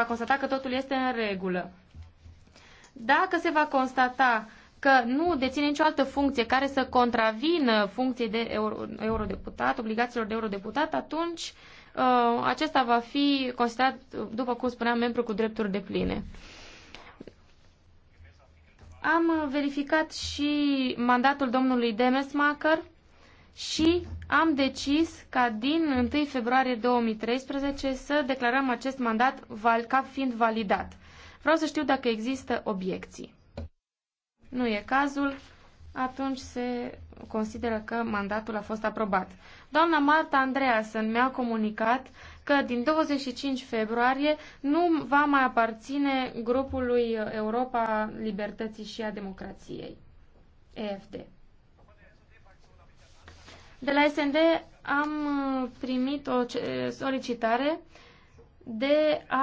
va constata că totul este în regulă. Dacă se va constata că nu deține nicio altă funcție care să contravină funcției de euro, eurodeputat, obligațiilor de eurodeputat, atunci uh, acesta va fi considerat, după cum spuneam, membru cu drepturi de pline. Am verificat și mandatul domnului Demesmacher și am decis ca din 1 februarie 2013 să declarăm acest mandat ca fiind validat. Vreau să știu dacă există obiecții. Nu e cazul, atunci se consideră că mandatul a fost aprobat. Doamna Marta Andreasen mi-a comunicat că din 25 februarie nu va mai aparține grupului Europa Libertății și a Democrației, EFD. De la SND am uh, primit o solicitare de a